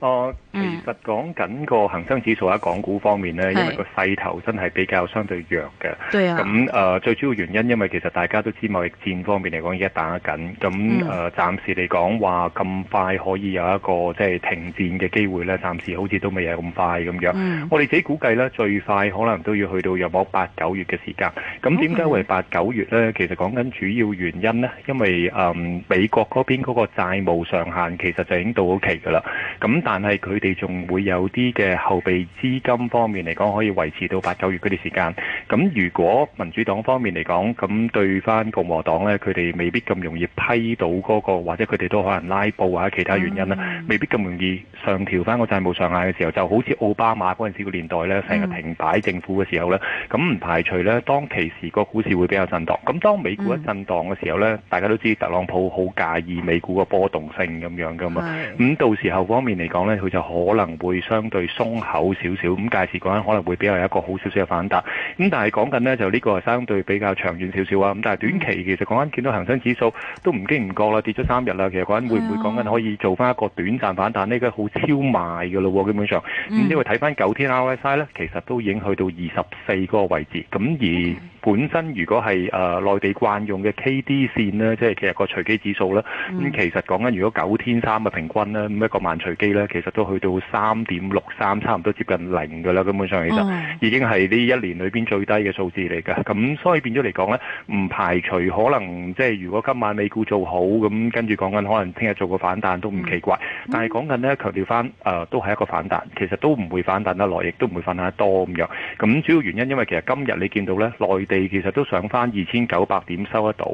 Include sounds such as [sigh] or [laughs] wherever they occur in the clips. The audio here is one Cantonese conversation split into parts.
哦，uh, 嗯、其實講緊個恒生指數喺港股方面呢，是因為個勢頭真係比較相對弱嘅。咁誒、啊，uh, 最主要原因因為其實大家都知，貿易戰方面嚟講而家打緊。咁誒，uh, 嗯、暫時嚟講話咁快可以有一個即係、就是、停戰嘅機會呢，暫時好似都未有咁快咁樣。嗯、我哋自己估計呢，最快可能都要去到約莫八九月嘅時間。咁點解會八九月呢？其實講緊主要原因呢，因為誒、嗯、美國嗰邊嗰個債務上限其實就已經到期㗎啦。咁但係佢哋仲會有啲嘅後備資金方面嚟講，可以維持到八九月嗰啲時間。咁如果民主黨方面嚟講，咁對翻共和黨呢，佢哋未必咁容易批到嗰、嗰個，或者佢哋都可能拉布或者其他原因啦，mm hmm. 未必咁容易上調翻個債務上限嘅時候，就好似奧巴馬嗰陣時個年代呢，成日停擺政府嘅時候呢，咁唔、mm hmm. 排除呢，當其時個股市會比較震盪。咁當美股一震盪嘅時候呢，mm hmm. 大家都知特朗普好介意美股嘅波動性咁樣噶嘛。咁、mm hmm. 到時候方面嚟講，講咧，佢就可能會相對鬆口少少，咁屆時講緊可能會比較有一個好少少嘅反彈。咁但係講緊呢，就呢個係相對比較長遠少少啊。咁但係短期其實講緊見到恒生指數都唔經唔覺啦，跌咗三日啦。其實講緊會唔會講緊可以做翻一個短暫反彈？呢個好超賣㗎咯，基本上。咁因為睇翻九天 RSI 咧，其實都已經去到二十四個位置，咁而。本身如果係誒內地慣用嘅 KD 線呢，即係其實個隨機指數啦，咁其實講緊如果九天三嘅平均呢，咁、嗯、一個慢隨機呢，其實都去到三點六三，差唔多接近零㗎啦。根本上其實、嗯、已經係呢一年裏邊最低嘅數字嚟㗎。咁所以變咗嚟講呢，唔排除可能即係如果今晚美股做好，咁跟住講緊可能聽日做個反彈都唔奇怪。嗯、但係講緊呢，強調翻誒都係一個反彈，其實都唔會反彈得耐，亦都唔會反彈得多咁樣。咁主要原因因為其實今日你見到呢內地。其實都上翻二千九百點收得到，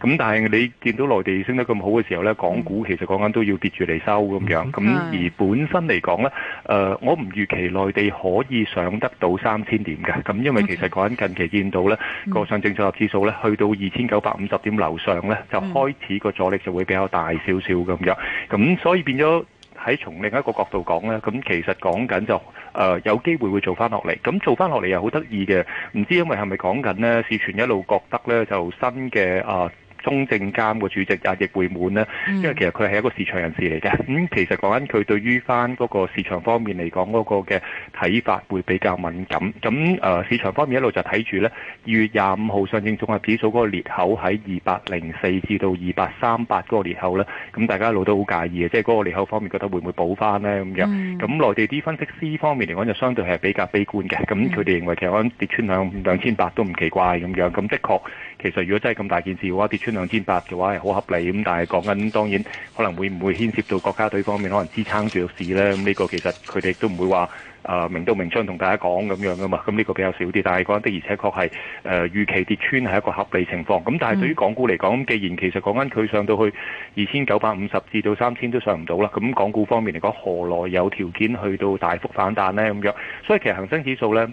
咁但係你見到內地升得咁好嘅時候咧，港股其實講緊都要跌住嚟收咁樣，咁而本身嚟講咧，誒我唔預期內地可以上得到三千點嘅，咁因為其實講緊近期見到咧個上證綜合指數咧去到二千九百五十點樓上咧，就開始個阻力就會比較大少少咁樣，咁所以變咗。喺從另一個角度講呢，咁其實講緊就誒、呃、有機會會做翻落嚟，咁做翻落嚟又好得意嘅。唔知因為係咪講緊呢？事前一路覺得呢，就新嘅啊。呃中證監個主席易會滿啦，因為其實佢係一個市場人士嚟嘅，咁其實講緊佢對於翻嗰個市場方面嚟講嗰個嘅睇法會比較敏感。咁誒市場方面一路就睇住咧，二月廿五號上證綜合指數嗰個裂口喺二百零四至到二百三八嗰個裂口咧，咁大家一路都好介意嘅，即係嗰個裂口方面覺得會唔會補翻咧咁樣？咁內地啲分析師方面嚟講就相對係比較悲觀嘅，咁佢哋認為其實講跌穿兩兩千八都唔奇怪咁樣。咁的確，其實如果真係咁大件事嘅話，跌穿。兩千八嘅話係好合理，咁但係講緊當然可能會唔會牽涉到國家隊方面可能支撐住個市呢？咁、嗯、呢、這個其實佢哋、呃、都唔會話誒明刀明槍同大家講咁樣噶嘛。咁呢個比較少啲，但係講的而且確係誒、呃、預期跌穿係一個合理情況。咁但係對於港股嚟講，既然其實講緊佢上到去二千九百五十至到三千都上唔到啦，咁港股方面嚟講，何來有條件去到大幅反彈呢？咁樣，所以其實恒生指數呢。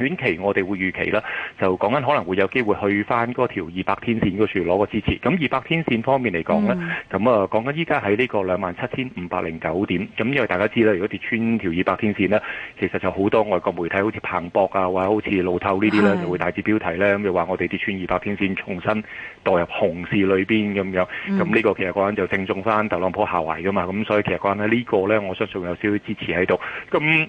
短期我哋會預期啦，就講緊可能會有機會去翻嗰條二百天線嗰處攞個支持。咁二百天線方面嚟講呢，咁啊講緊依家喺呢個兩萬七千五百零九點。咁因為大家知啦，如果跌穿條二百天線呢，其實就好多外國媒體好似彭博啊，或者好似路透呢啲呢，是就會大字標題呢，咁話我哋跌穿二百天線，重新墮入熊市裏邊咁樣。咁呢個其實講緊就正中翻特朗普下懷㗎嘛。咁所以其實講緊呢個呢，我相信有少少支持喺度。咁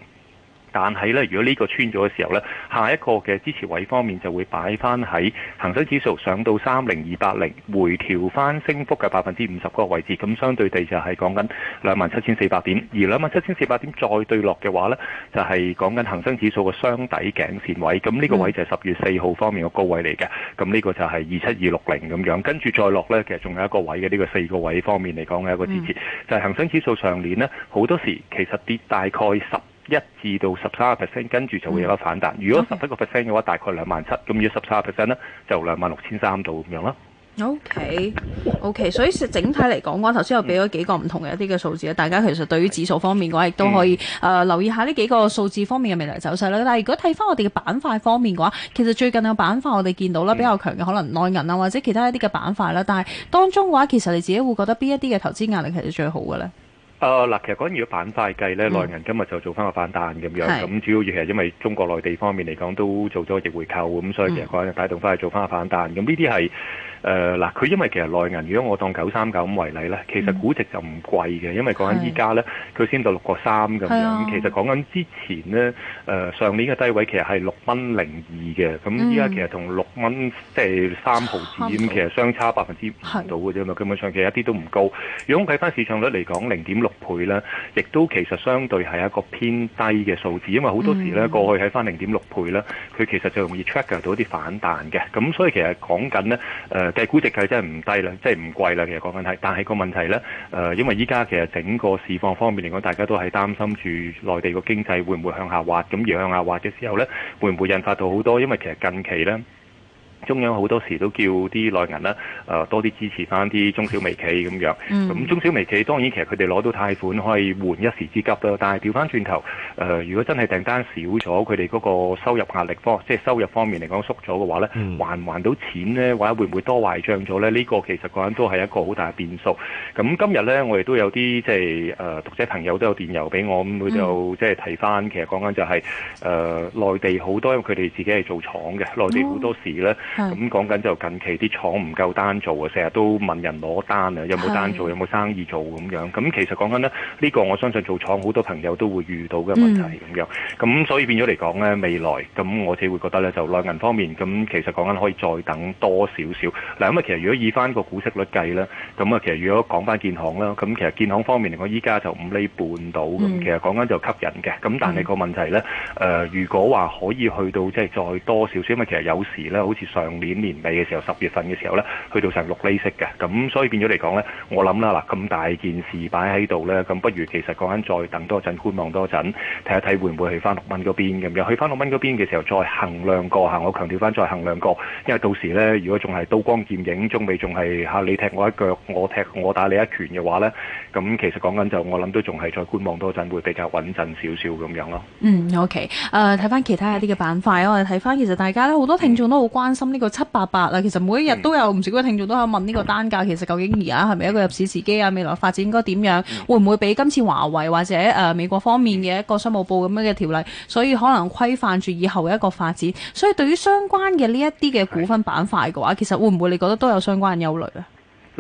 但係咧，如果呢個穿咗嘅時候呢，下一個嘅支持位方面就會擺翻喺恒生指數上到三零二八零回調翻升幅嘅百分之五十個位置，咁相對地就係講緊兩萬七千四百點。而兩萬七千四百點再對落嘅話呢，就係講緊恒生指數嘅雙底頸線位。咁呢個位就係十月四號方面嘅高位嚟嘅。咁呢個就係二七二六零咁樣，跟住再落呢，其實仲有一個位嘅呢個四個位方面嚟講嘅一個支持，就係恒生指數上年呢，好多時其實跌大概十一至到十三個 percent，跟住就會有得反彈。Okay 如果十一個 percent 嘅話，大概兩萬七；咁如果十三個 percent 咧，就兩萬六千三度咁樣啦。OK，OK。所以整體嚟講嘅話，頭先我俾咗幾個唔同嘅一啲嘅數字咧，大家其實對於指數方面嘅話，亦都可以誒、呃、留意下呢幾個數字方面嘅未來走勢咧。但係如果睇翻我哋嘅板塊方面嘅話，其實最近嘅板塊我哋見到啦，比較強嘅可能內銀啊或者其他一啲嘅板塊啦。但係當中嘅話，其實你自己會覺得邊一啲嘅投資壓力其實最好嘅咧？誒嗱、呃，其實講緊如果板塊計咧，嗯、內銀今日就做翻個反彈咁樣，咁主要其實因為中國內地方面嚟講都做咗個逆回購咁所以其實講緊帶動翻去做翻個反彈，咁呢啲係。誒嗱，佢、呃、因為其實內銀，如果我當九三九咁為例咧，其實估值就唔貴嘅，嗯、因為講緊依家咧，佢先是到六個三咁樣。啊、其實講緊之前咧，誒、呃、上年嘅低位其實係六蚊零二嘅，咁依家其實同六蚊即係三毫紙咁，其實相差百分之五到嘅啫嘛。根是本上其實一啲都唔高。如果睇翻市場率嚟講，零點六倍呢，亦都其實相對係一個偏低嘅數字，因為好多時咧過去喺翻零點六倍咧，佢其實就容易 trigger 到一啲反彈嘅。咁所以其實講緊咧，呃嘅估值係真係唔低啦，即係唔貴啦。其實個問題，但係個問題呢，誒、呃，因為依家其實整個市況方面嚟講，大家都係擔心住內地個經濟會唔會向下滑，咁而向下滑嘅時候呢，會唔會引發到好多？因為其實近期呢。中央好多時都叫啲內銀啦，誒、呃、多啲支持翻啲中小微企咁樣。咁、嗯、中小微企當然其實佢哋攞到貸款可以緩一時之急啦，但係調翻轉頭，誒、呃、如果真係訂單少咗，佢哋嗰個收入壓力方，即係收入方面嚟講縮咗嘅話咧，唔、嗯、還，還到錢咧，或者會唔會多壞帳咗咧？呢、這個其實講緊都係一個好大嘅變數。咁今日咧，我哋都有啲即係誒讀者朋友都有電郵俾我，咁佢就、嗯、即係睇翻其實講緊就係、是、誒、呃、內地好多，因為佢哋自己係做廠嘅，內地好多時咧。嗯咁、嗯嗯、講緊就近期啲廠唔夠單做啊，成日都問人攞單啊，有冇單做，是有冇生意做咁樣。咁、嗯、其實講緊呢呢、呢個我相信做廠好多朋友都會遇到嘅問題咁樣。咁、嗯嗯、所以變咗嚟講呢，未來咁我自己會覺得呢，就內銀方面咁其實講緊可以再等多少少。嗱咁啊，其實如果以翻個股息率計呢，咁啊其實如果講翻建行啦，咁其實建行方面嚟講依家就五厘半到咁，嗯嗯、其實講緊就吸引嘅。咁但係個問題呢，誒、呃、如果話可以去到即係再多少少，因為其實有時呢好似上年年尾嘅時候，十月份嘅時候呢，去到成六厘息嘅，咁所以變咗嚟講呢，我諗啦嗱，咁大件事擺喺度呢。咁不如其實講緊再等多陣，觀望多陣，睇一睇會唔會去翻六蚊嗰邊咁，又去翻六蚊嗰邊嘅時候，再衡量過嚇、啊。我強調翻再衡量過，因為到時呢，如果仲係刀光劍影，中美仲係嚇你踢我一腳，我踢我打你一拳嘅話呢，咁其實講緊就我諗都仲係再觀望多陣，會比較穩陣少少咁樣咯。嗯，OK，誒、呃，睇翻其他一啲嘅板塊。我哋睇翻其實大家呢，好多聽眾都好關心。呢個七八八啊，其實每一日都有唔少嘅聽眾都有問呢個單價，其實究竟而家係咪一個入市時機啊？未來發展應該點樣？會唔會俾今次華為或者誒、呃、美國方面嘅一個商務部咁樣嘅條例，所以可能規範住以後嘅一個發展？所以對於相關嘅呢一啲嘅股份板塊嘅話，其實會唔會你覺得都有相關憂慮啊？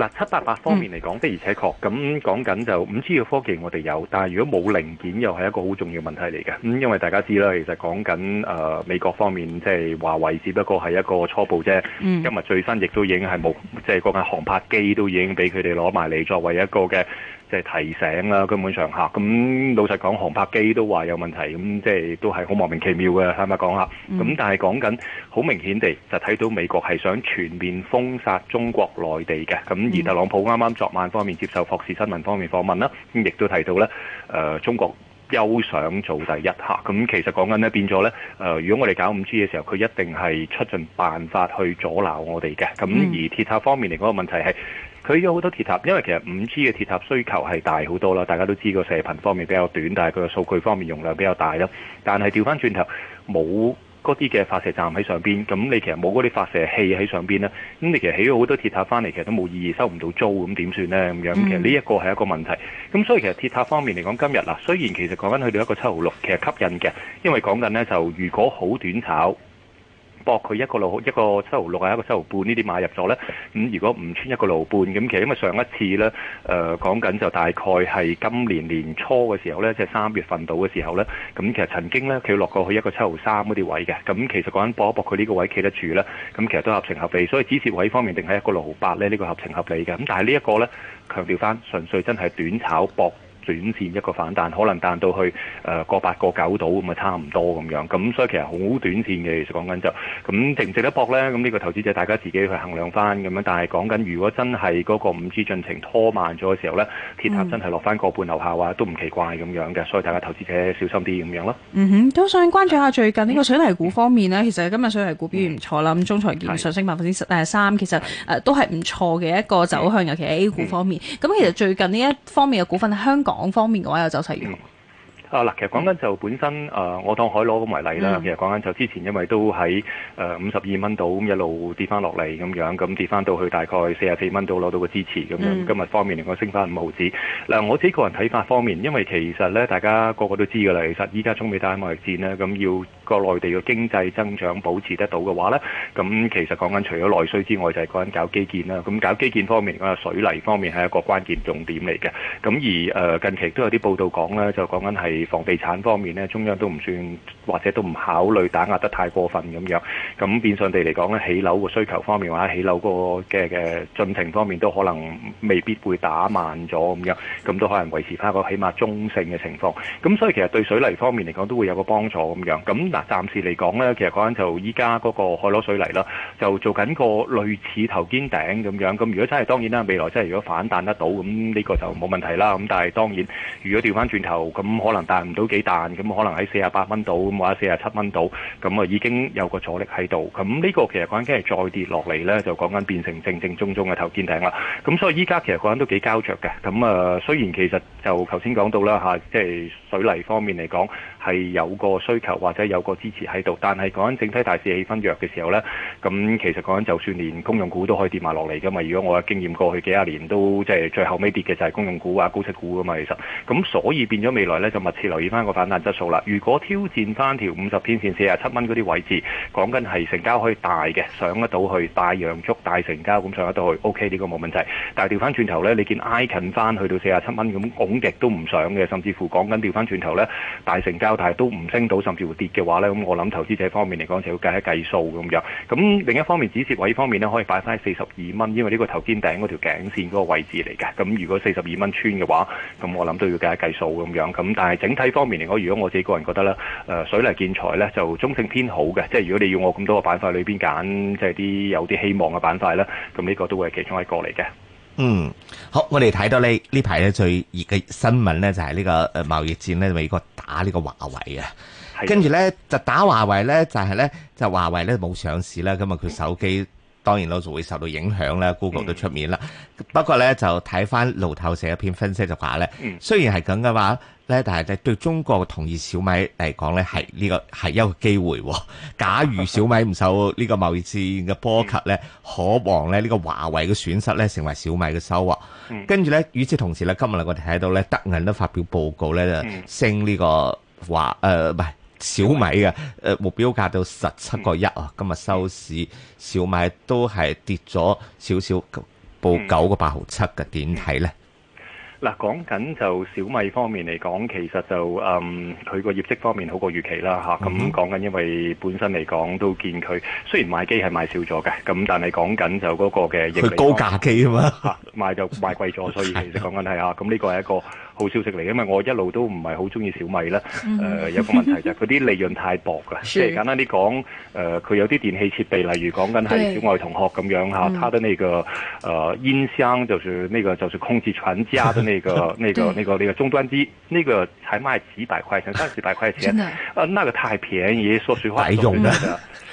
七八八方面嚟講的、嗯，講的而且確咁講緊就五 G 嘅科技，我哋有，但係如果冇零件，又係一個好重要問題嚟嘅。咁因為大家知啦，其實講緊誒美國方面，即係華為，只不過係一個初步啫。今日最新亦都已經係冇，即係嗰架航拍機都已經俾佢哋攞埋嚟作為一個嘅。即係提醒啦，根本上吓咁老實講航拍機都話有問題，咁即係都係好莫名其妙嘅，坦白講吓咁但係講緊好明顯地，就睇到美國係想全面封殺中國內地嘅。咁而特朗普啱啱昨晚方面接受霍士新聞方面訪問啦，亦、嗯、都提到咧，誒、呃、中國休想做第一嚇。咁其實講緊咧變咗咧，誒、呃、如果我哋搞五 G 嘅時候，佢一定係出盡辦法去阻撓我哋嘅。咁、嗯、而鐵塔方面嚟個問題係佢有好多鐵塔，因為其實五 G 嘅鐵塔需求係大好多啦。大家都知個射頻方面比較短，但係佢個數據方面容量比較大啦。但係調翻轉頭冇嗰啲嘅發射站喺上邊，咁你其實冇嗰啲發射器喺上邊啦，咁你其實起咗好多鐵塔翻嚟，其實都冇意義，收唔到租，咁點算呢？咁樣其實呢一個係一個問題。咁所以其實鐵塔方面嚟講，今日嗱，雖然其實講翻去到一個七毫六，其實吸引嘅，因為講緊呢就如果好短炒。搏佢一個，一個六，一個七毫六，係一個七毫半呢啲買入咗呢。咁、嗯、如果唔穿一個六毫半咁，其實因為上一次呢誒、呃、講緊就大概係今年年初嘅時候呢，即係三月份到嘅時候呢，咁其實曾經呢，佢落過去一個七毫三嗰啲位嘅。咁其實講緊搏一搏佢呢個位企得住呢，咁其實都合情合理。所以止蝕位方面定係一個六毫八呢，呢、呢個合情合理嘅。咁但係呢一個呢，強調翻純粹真係短炒搏。短線一個反彈，可能彈到去誒個八個九度咁啊，差唔多咁樣。咁所以其實好短線嘅，其實講緊就咁，值唔值得搏呢？咁呢個投資者大家自己去衡量翻咁樣。但係講緊如果真係嗰個五 G 進程拖慢咗嘅時候呢，鐵塔真係落翻個半樓下話，都唔奇怪咁樣嘅。所以大家投資者小心啲咁樣咯。嗯哼，都想關注下最近呢個水泥股方面呢。其實今日水泥股表現唔錯啦，咁中材建設上升百分之十誒三，其實誒都係唔錯嘅一個走向。尤其係 A 股方面，咁其實最近呢一方面嘅股份香港。港方面嘅話有走勢嘅。啊嗱，其實講緊就本身誒，我當海螺咁為例啦。其實講緊就之前因為都喺誒五十二蚊度咁一路跌翻落嚟咁樣，咁跌翻到去大概四十四蚊度攞到個支持咁樣。今日方面，應該升翻五毫子。嗱，我自己個人睇法方面，因為其實咧大家個個都知噶啦，其實依家中美打貿易戰咧，咁要。個內地嘅經濟增長保持得到嘅話呢，咁其實講緊除咗內需之外，就係講緊搞基建啦。咁搞基建方面，水泥方面係一個關鍵重點嚟嘅。咁而誒近期都有啲報道講呢，就講緊係房地產方面呢，中央都唔算或者都唔考慮打壓得太過分咁樣。咁變相地嚟講咧，起樓嘅需求方面或者起樓個嘅嘅進程方面都可能未必會打慢咗咁樣，咁都可能維持返個起碼中性嘅情況。咁所以其實對水泥方面嚟講都會有個幫助咁樣。咁暫時嚟講呢，其實講緊就依家嗰個海螺水泥啦，就做緊個類似頭肩頂咁樣。咁如果真係當然啦，未來真係如果反彈得到，咁呢個就冇問題啦。咁但係當然，如果掉返轉頭，咁可能彈唔到幾彈，咁可能喺四十八蚊到，咁或者四十七蚊到，咁啊已經有個阻力喺度。咁呢個其實講緊係再跌落嚟呢，就講緊變成正正宗宗嘅頭肩頂啦。咁所以依家其實講緊都幾膠着嘅。咁啊，雖然其實就頭先講到啦嚇，即係水泥方面嚟講係有個需求或者有。個支持喺度，但係講緊整體大市氣氛弱嘅時候呢，咁其實講緊就算連公用股都可以跌埋落嚟噶嘛。如果我嘅經驗過去幾廿年都即係最後尾跌嘅就係公用股啊、高息股啊嘛。其實咁所以變咗未來呢，就密切留意翻個反彈質素啦。如果挑戰翻條五十天線四十七蚊嗰啲位置，講緊係成交可以大嘅上得到去，大陽燭、大成交咁上得到去，OK 呢個冇問題。但係調翻轉頭呢，你見挨近翻去到四十七蚊咁，拱極都唔上嘅，甚至乎講緊調翻轉頭呢，大成交但係都唔升到，甚至乎跌嘅話咧，咁我諗投資者方面嚟講，就要計一計數咁樣。咁另一方面，止蝕位方面咧，可以擺翻喺四十二蚊，因為呢個頭肩頂嗰條頸線嗰個位置嚟嘅。咁如果四十二蚊穿嘅話，咁我諗都要計一計數咁樣。咁但係整體方面嚟講，如果我自己個人覺得咧、呃，水泥建材咧就中性偏好嘅。即係如果你要我咁多個板塊裏邊揀，即係啲有啲希望嘅板塊啦，咁呢個都會係其中一個嚟嘅。嗯，好，我哋睇到呢呢排咧最熱嘅新聞咧就係、是、呢個誒貿易戰咧美國打呢個華為啊，的跟住咧就打華為咧就係、是、咧就華為咧冇上市啦，咁啊佢手機當然咯就會受到影響啦，Google、嗯、都出面啦，不過咧就睇翻路透社一篇分析就話咧，雖然係咁嘅話。但係咧，對中國同意小米嚟講咧，係呢、這個係一個機會、哦。假如小米唔受呢個貿易戰嘅波及呢、嗯、可望咧呢個華為嘅損失咧，成為小米嘅收穫。嗯、跟住呢，與此同時咧，今日我哋睇到咧，德銀都發表報告呢就升呢個華誒唔係小米嘅、呃、目標價到十七個一啊。今日收市小米都係跌咗少少，報九個八毫七嘅，點睇呢？嗱，講緊就小米方面嚟講，其實就嗯佢個業績方面好過預期啦咁講緊，嗯、因為本身嚟講都見佢，雖然賣機係賣少咗嘅，咁但係講緊就嗰個嘅，佢高價機啊嘛， [laughs] 買就賣貴咗，所以其實講緊係啊，咁呢 [laughs] 個係一個。好消息嚟，因為我一路都唔係好中意小米啦，嗯呃。有個問題就係佢啲利潤太薄㗎，即係是簡單啲講，誒、呃，佢有啲電器設備，例如講緊係小愛同學咁樣嚇，他對的那個誒、呃、音箱，就是呢、那個就是控制全家的那個 [laughs] 那個對那個那個終端機，那個才賣幾百塊錢，三、四百塊錢。呃，那個太便宜，說實話白用的。 [laughs] 嗯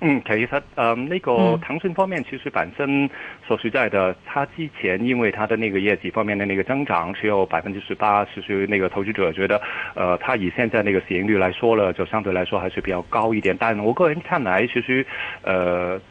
嗯，其實，嗯、呃，那個騰訊方面其實本身所實在的他、嗯、之前因為他的那個業績方面的那個增長只有百分之十八，其實那個投資者覺得，呃，他以現在那個市盈率來說了，就相對來說還是比較高一點，但我個人看來，其實，呃。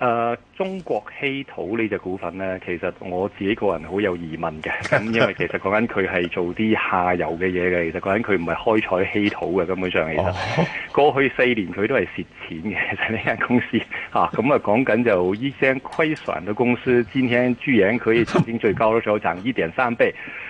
誒、呃、中國稀土呢隻股份咧，其實我自己個人好有疑問嘅，咁因為其實講緊佢係做啲下游嘅嘢嘅，其實講緊佢唔係開採稀土嘅，根本上其實過去四年佢都係蝕錢嘅，其實呢間公司咁啊講緊就呢 c 虧損的公司，今天居影佢已經最高咗時候，漲一點三倍。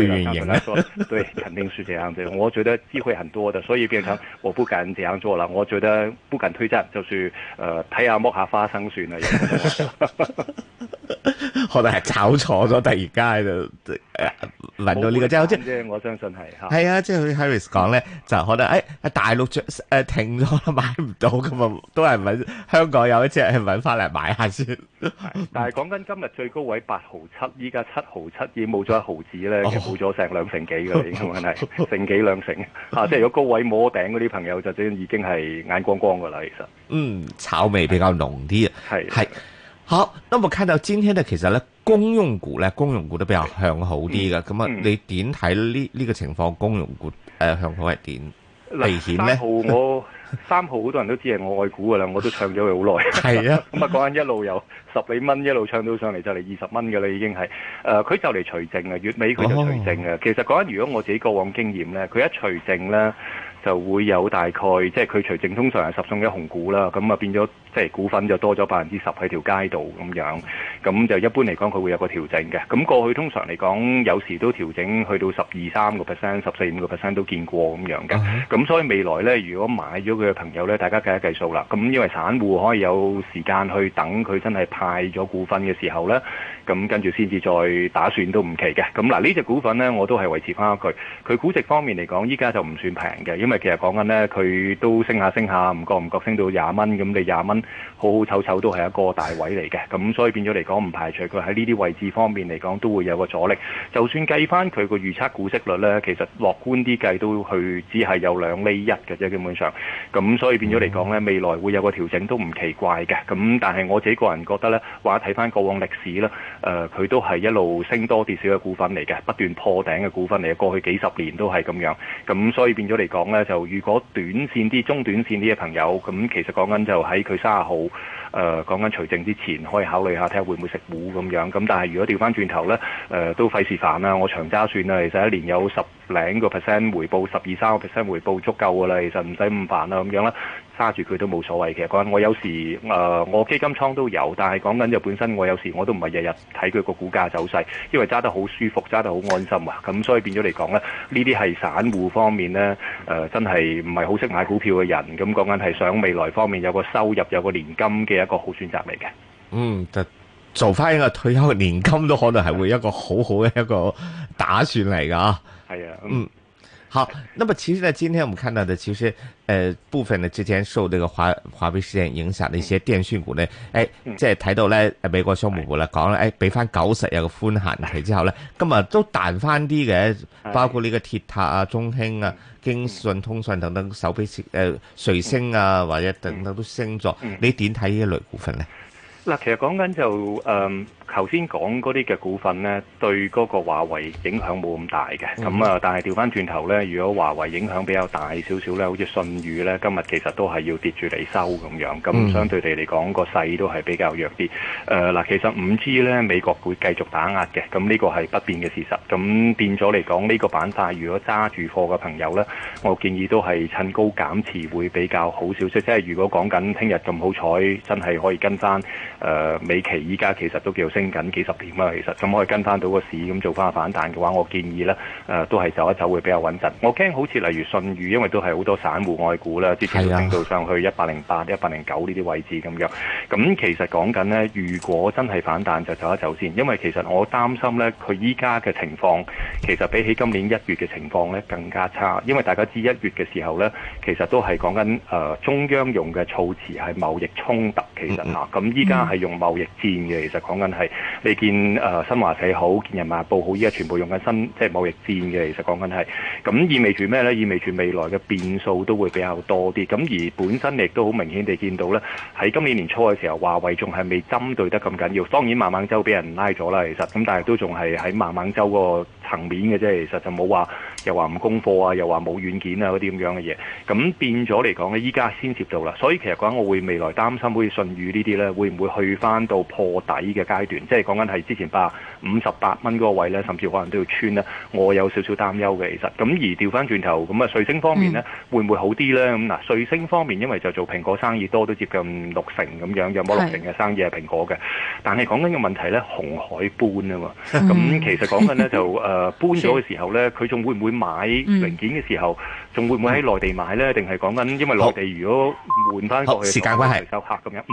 原型 [laughs] 對，上面來說，對，肯定是這樣子。我覺得機會很多的，所以變成我不敢這樣做了。我覺得不敢推漲，就是呃，睇下剝下花生算啦。可能係炒錯咗突然間就，誒，揾 [laughs] 到呢、這個周即我，我相信係吓。係啊，即係佢 Harris 講咧，就可能誒，大陸誒、呃、停咗，買唔到，咁啊，都係揾香港有一隻係揾翻嚟買下先。 [laughs] 但係講緊，今日最高位八毫七，依家七毫七，已冇咗一毫子咧。哦冇咗成兩成幾嘅呢個問題，成幾兩成啊！即係如果高位摸頂嗰啲朋友，就已經係眼光光噶啦，其實。嗯，炒味比較濃啲啊，係係的好。咁我睇到今天的呢，其實咧公用股咧，公用股都比較向好啲嘅。咁啊，你點睇呢呢個情況？公用股誒、呃、向好係點危險咧？三 [laughs] 號好多人都知係我愛股噶啦，我都唱咗佢好耐。係 [laughs] 是啊，咁啊講緊一路由十幾蚊一路唱到上嚟就嚟二十蚊噶啦，已經係。誒、呃，佢就嚟除淨啊，月尾佢就除淨啊。其實講緊如果我自己過往經驗咧，佢一除淨咧就會有大概，即係佢除淨通常係十送一紅股啦，咁啊變咗。即係股份就多咗百分之十喺條街度咁樣，咁就一般嚟講佢會有個調整嘅。咁過去通常嚟講，有時都調整去到十二三個 percent、十四五個 percent 都見過咁樣嘅。咁所以未來呢，如果買咗佢嘅朋友呢，大家計一計數啦。咁因為散戶可以有時間去等佢真係派咗股份嘅時候呢，咁跟住先至再打算都唔奇嘅。咁嗱，呢隻股份呢，我都係維持翻佢。佢估值方面嚟講，依家就唔算平嘅，因為其實講緊呢，佢都升下升下，唔覺唔覺升到廿蚊咁，你廿蚊。好好醜醜都係一個大位嚟嘅，咁所以變咗嚟講，唔排除佢喺呢啲位置方面嚟講，都會有個阻力。就算計翻佢個預測股息率呢，其實樂觀啲計都去只係有兩厘一嘅啫，基本上。咁所以變咗嚟講呢，未來會有個調整都唔奇怪嘅。咁但係我自己個人覺得呢，或者睇翻過往歷史啦，誒、呃，佢都係一路升多跌少嘅股份嚟嘅，不斷破頂嘅股份嚟嘅，過去幾十年都係咁樣。咁所以變咗嚟講呢，就如果短線啲、中短線啲嘅朋友，咁其實講緊就喺佢三加好，誒、呃、講緊除淨之前，可以考慮下睇下會唔會食糊咁樣。咁但係如果調翻轉頭呢，誒、呃、都費事煩啦。我長揸算啦，其實一年有十零個 percent 回報，十二三個 percent 回報足夠噶啦，其實唔使咁煩啦，咁樣啦。揸住佢都冇所謂嘅。講緊我有時、呃、我基金倉都有，但係講緊就本身我有時我都唔係日日睇佢個股價走勢，因為揸得好舒服，揸得好安心啊！咁所以變咗嚟講咧，呢啲係散戶方面咧、呃、真係唔係好識買股票嘅人，咁講緊係想未來方面有個收入、有個年金嘅一個好選擇嚟嘅。嗯，就做翻一個退休嘅年金都可能係會一個好好嘅一個打算嚟㗎。係啊，嗯。好，那麼其實呢今天我們看到的其實，誒、呃、部分呢之前受這個華華為事件影響的一些電訊股呢，即係睇到呢誒，在抬頭咧，美國商務部咧、嗯、講咧，誒俾翻九十日嘅寬限期之後咧，今日都彈翻啲嘅，包括呢個鐵塔啊、中興啊、京信通訊等等，首批誒瑞星啊、嗯、或者等等都升咗，嗯、你點睇呢一類股份咧？嗱、嗯，其實講緊就誒。Um, 頭先講嗰啲嘅股份呢，對嗰個華為影響冇咁大嘅，咁啊，但係調翻轉頭呢，如果華為影響比較大少少呢，好似信譽呢，今日其實都係要跌住嚟收咁樣，咁相對地嚟講個勢都係比較弱啲。誒、呃、嗱，其實五 G 呢，美國會繼續打壓嘅，咁呢個係不變嘅事實。咁變咗嚟講，呢、這個板塊如果揸住貨嘅朋友呢，我建議都係趁高減持會比較好少少。即係如果講緊聽日咁好彩，真係可以跟翻、呃、美期，依家其實都叫升傾緊幾十年啦，其實咁可以跟翻到個市，咁做翻個反彈嘅話，我建議呢誒、呃、都係走一走會比較穩陣。我驚好似例如信譽，因為都係好多散戶外股啦，之前都升到上去一百零八、一百零九呢啲位置咁樣。咁其實講緊呢，如果真係反彈就走一走先，因為其實我擔心呢，佢依家嘅情況其實比起今年一月嘅情況呢更加差，因為大家知一月嘅時候呢，其實都係講緊誒中央用嘅措辭係貿易衝突，其實啊，咁依家係用貿易戰嘅，其實講緊係。你見誒、呃、新華社好，見人民日報好，依家全部用緊新即係貿易戰嘅，其實講緊係咁意味住咩呢？意味住未來嘅變數都會比較多啲。咁而本身亦都好明顯地見到呢，喺今年年初嘅時候，華為仲係未針對得咁緊要。當然，孟晚舟俾人拉咗啦，其實咁，但係都仲係喺孟晚舟個層面嘅啫。其實就冇話。又話唔供貨啊，又話冇軟件啊，嗰啲咁樣嘅嘢，咁變咗嚟講呢，依家先接到啦。所以其實講，我會未來擔心好似舜宇呢啲呢，會唔會去翻到破底嘅階段？即係講緊係之前八五十八蚊嗰個位呢，甚至可能都要穿啦。我有少少擔憂嘅，其實。咁而掉翻轉頭，咁啊瑞星方面呢，嗯、會唔會好啲呢？咁嗱，瑞星方面因為就做蘋果生意多，都接近六成咁樣，有冇六成嘅生意係蘋果嘅？的但係講緊嘅問題呢，紅海搬啊嘛，咁、嗯、其實講緊呢，嗯、就搬咗嘅時候呢，佢仲的會唔會？買零件嘅時候，仲、嗯、會唔會喺內地買咧？定係講緊？因為內地如果換翻過去回收客咁樣